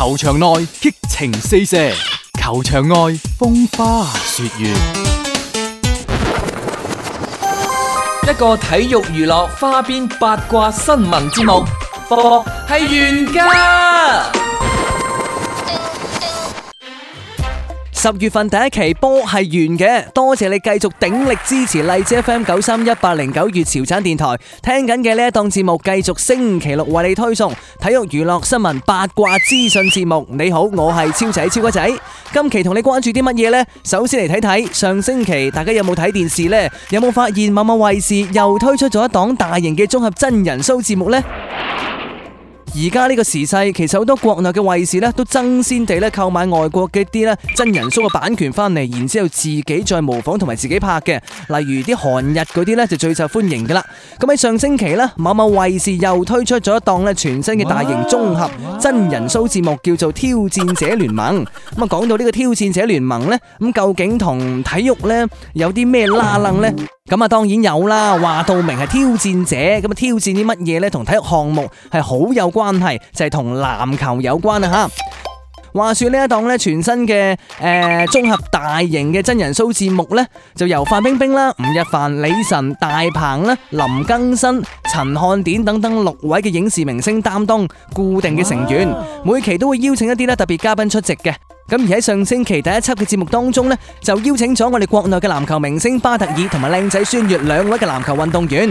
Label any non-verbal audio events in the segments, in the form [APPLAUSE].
球場內激情四射，球場外風花雪月。一個體育娛樂花邊八卦新聞節目，播係原價。十月份第一期波係完嘅，多謝你繼續鼎力支持荔枝 FM 九三一八零九月潮汕電台聽緊嘅呢一檔節目，繼續星期六為你推送體育娛樂新聞八卦資訊節目。你好，我係超仔超哥仔，今期同你關注啲乜嘢呢？首先嚟睇睇上星期大家有冇睇電視呢？有冇發現某某衛視又推出咗一檔大型嘅綜合真人 show 節目呢？而家呢個時勢，其實好多國內嘅衛視咧都爭先地咧購買外國嘅啲咧真人 show 嘅版權翻嚟，然之後自己再模仿同埋自己拍嘅，例如啲韓日嗰啲呢，就最受歡迎噶啦。咁喺上星期呢，某某衛視又推出咗一檔咧全新嘅大型綜合真人 show 節目，叫做《挑戰者聯盟》。咁啊，講到呢個《挑戰者聯盟》呢，咁究竟同體育呢有啲咩拉楞呢？咁啊，當然有啦。話到明係挑戰者，咁啊挑戰啲乜嘢呢？同體育項目係好有關係，就係、是、同籃球有關啊！嚇，話説呢一檔咧全新嘅誒、呃、綜合大型嘅真人 show 節目呢，就由范冰冰啦、吳亦凡、李晨、大鵬啦、林更新、陳漢典等等六位嘅影視明星擔當固定嘅成員，每期都會邀請一啲咧特別嘉賓出席嘅。咁而喺上星期第一輯嘅節目當中呢，就邀請咗我哋國內嘅籃球明星巴特爾同埋靚仔孫悅兩位嘅籃球運動員。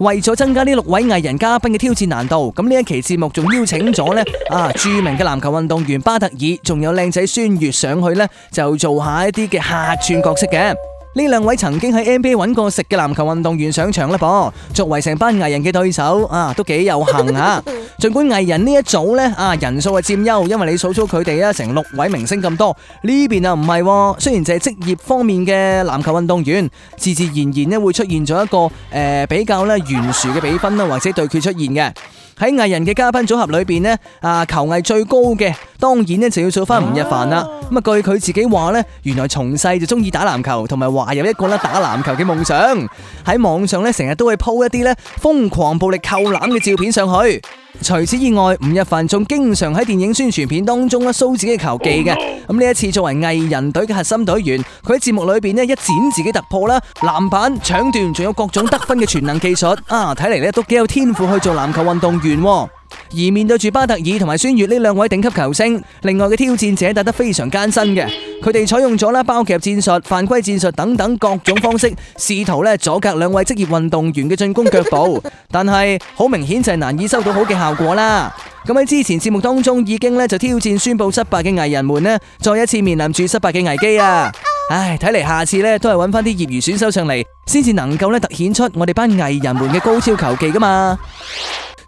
為咗增加呢六位藝人嘉賓嘅挑戰難度，咁呢一期節目仲邀請咗咧、啊、著名嘅籃球運動員巴特爾，仲有靚仔孫悅上去咧，就做下一啲嘅客串角色嘅。呢兩位曾經喺 NBA 搵過食嘅籃球運動員上場啦噃，作為成班藝人嘅對手啊，都幾有幸啊！盡管藝人呢一組咧啊人數係佔優，因為你數數佢哋啊，成六位明星咁多，呢邊啊唔係，雖然就係職業方面嘅籃球運動員，自自然然咧會出現咗一個誒、呃、比較咧懸殊嘅比分啦，或者對決出現嘅。喺藝人嘅嘉賓組合裏邊咧，啊，球藝最高嘅，當然咧就要數翻吳亦凡啦。咁啊，據佢自己話咧，原來從細就中意打籃球，同埋懷有一個咧打籃球嘅夢想。喺網上咧，成日都去 po 一啲咧瘋狂暴力扣籃嘅照片上去。除此以外，吳亦凡仲經常喺電影宣傳片當中咧 show 自己球技嘅。咁呢一次作為藝人隊嘅核心隊員，佢喺節目裏邊咧一展自己突破啦，籃板、搶斷，仲有各種得分嘅全能技術啊！睇嚟呢都幾有天賦去做籃球運動員。而面對住巴特爾同埋孫悅呢兩位頂級球星，另外嘅挑戰者打得非常艱辛嘅，佢哋採用咗啦包夾戰術、犯規戰術等等各種方式，試圖咧阻隔兩位職業運動員嘅進攻腳步，但係好明顯就係難以收到好嘅效果啦。咁喺之前節目當中已經咧就挑戰宣布失敗嘅藝人們呢，再一次面臨住失敗嘅危機啊！唉，睇嚟下次呢，都係揾翻啲業餘選手上嚟，先至能夠呢，凸顯出我哋班藝人們嘅高超球技噶嘛。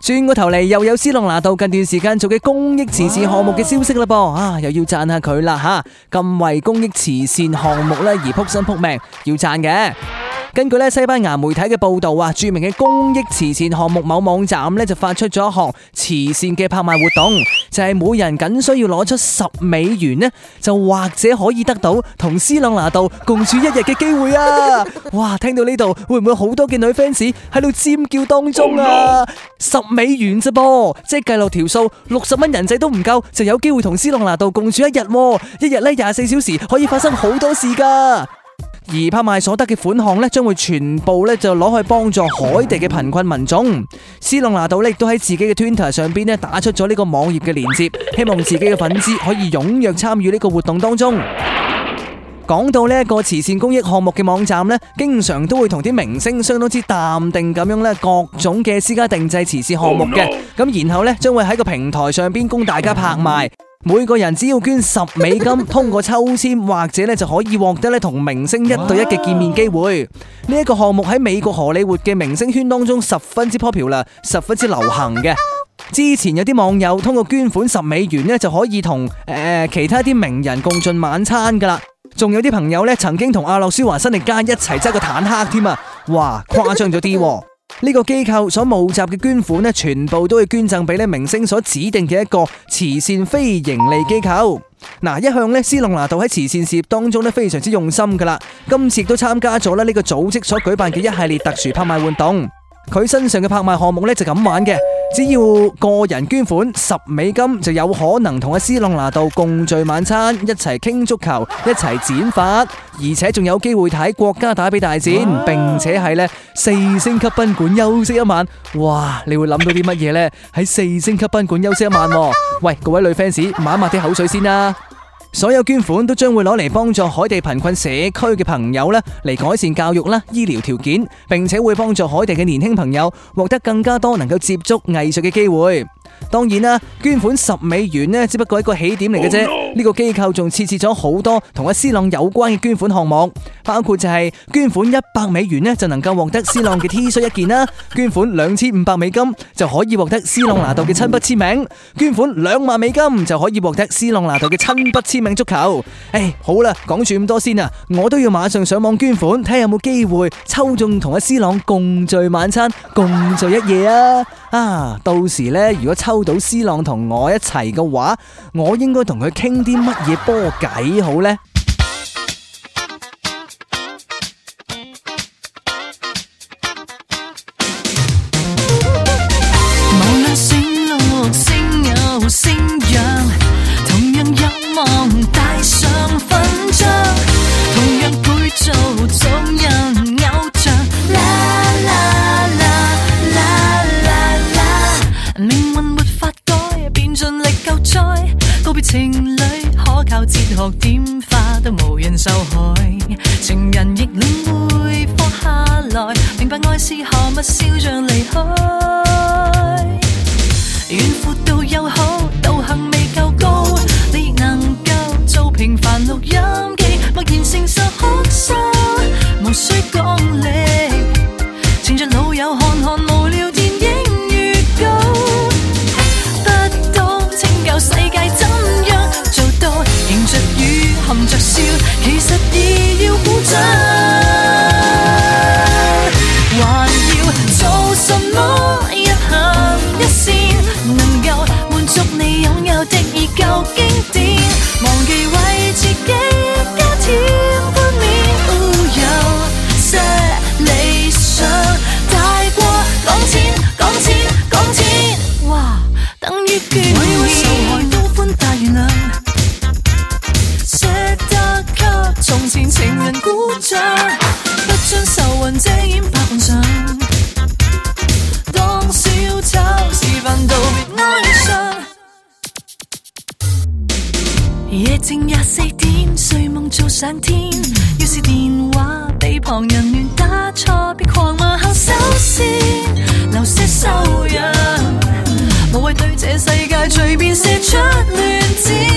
轉過頭嚟，又有 C 朗拿度近段時間做嘅公益慈善項目嘅消息啦噃，啊，又要讚下佢啦吓，咁、啊、為公益慈善項目咧而撲身撲命，要讚嘅。根據咧西班牙媒體嘅報道啊，著名嘅公益慈善項目某網站咧就發出咗一項慈善嘅拍賣活動，就係、是、每人僅需要攞出十美元咧，就或者可以得到同斯朗拿度共處一日嘅機會啊！哇，聽到呢度會唔會好多嘅女 fans 喺度尖叫當中啊？Oh no. 十美元啫噃，即係計落條數，六十蚊人仔都唔夠，就有機會同斯朗拿度共處一日，啊，一日咧廿四小時可以發生好多事噶。而拍賣所得嘅款項咧，將會全部咧就攞去幫助海地嘅貧困民眾。斯隆拿度咧亦都喺自己嘅 Twitter 上邊咧打出咗呢個網頁嘅鏈接，希望自己嘅粉絲可以踴躍參與呢個活動當中。講 [LAUGHS] 到呢一個慈善公益項目嘅網站咧，經常都會同啲明星相當之淡定咁樣咧各種嘅私家定製慈善項目嘅，咁、oh, no. 然後咧將會喺個平台上邊供大家拍賣。每個人只要捐十美金，通過抽籤或者咧就可以獲得咧同明星一對一嘅見面機會。呢、這、一個項目喺美國荷里活嘅明星圈當中十分之 popular，十分之流行嘅。之前有啲網友通過捐款十美元咧就可以同誒、呃、其他啲名人共進晚餐噶啦，仲有啲朋友咧曾經同阿諾舒華辛力加一齊揸個坦克添啊，哇，誇張咗啲。呢個機構所募集嘅捐款呢，全部都係捐贈俾呢明星所指定嘅一個慈善非盈利機構。嗱，一向呢，C 朗拿度喺慈善事業當中呢非常之用心噶啦。今次亦都參加咗呢個組織所舉辦嘅一系列特殊拍賣活動。佢身上嘅拍賣項目呢就咁玩嘅。只要個人捐款十美金，就有可能同阿斯朗拿度共聚晚餐，一齊傾足球，一齊剪髮，而且仲有機會睇國家打比大戰，並且係咧四星級賓館休息一晚。哇！你會諗到啲乜嘢呢？喺四星級賓館休息一晚。喂，各位女 fans，抹一抹啲口水先啦。所有捐款都將會攞嚟幫助海地貧困社區嘅朋友啦，嚟改善教育啦、醫療條件，並且會幫助海地嘅年輕朋友獲得更加多能夠接觸藝術嘅機會。當然啦，捐款十美元呢，只不過係一個起點嚟嘅啫。呢、oh、no. 個機構仲設置咗好多同阿 C 朗有關嘅捐款項目，包括就係捐款一百美元呢，就能夠獲得 C 朗嘅 T 恤一件啦； [LAUGHS] 捐款兩千五百美金就可以獲得 C 朗拿度嘅親筆簽名；捐款兩萬美金就可以獲得 C 朗拿度嘅親筆簽名足球。唉、哎，好啦，講住咁多先啊，我都要馬上上網捐款，睇下有冇機會抽中同阿 C 朗共聚晚餐、共聚一夜啊！啊，到時呢，如果抽到 C 朗同我一齊嘅話，我應該同佢傾啲乜嘢波偈好咧？夜靜廿四點，睡夢做上天。要是電話俾旁人亂打錯，別狂罵後收線，留些修養。無謂對這世界隨便射出亂箭。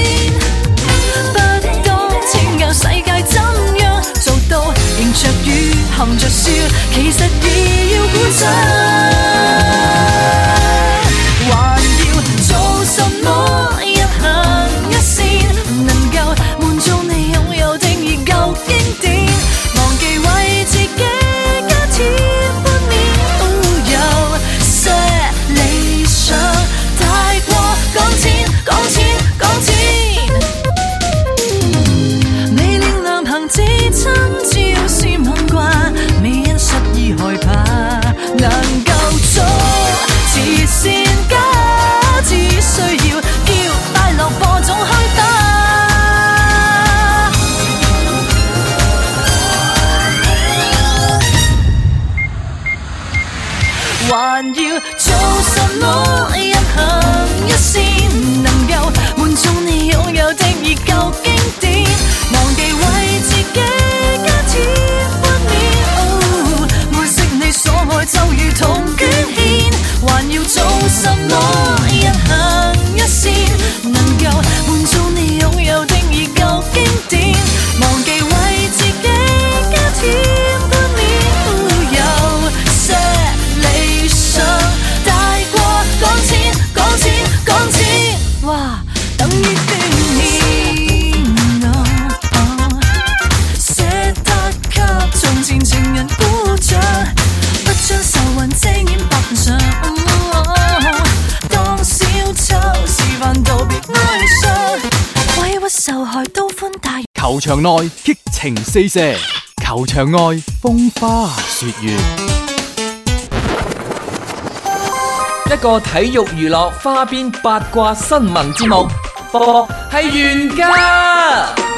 球場內激情四射，球場外風花雪月。一個體育娛樂花邊八卦新聞節目，波係圓嘅。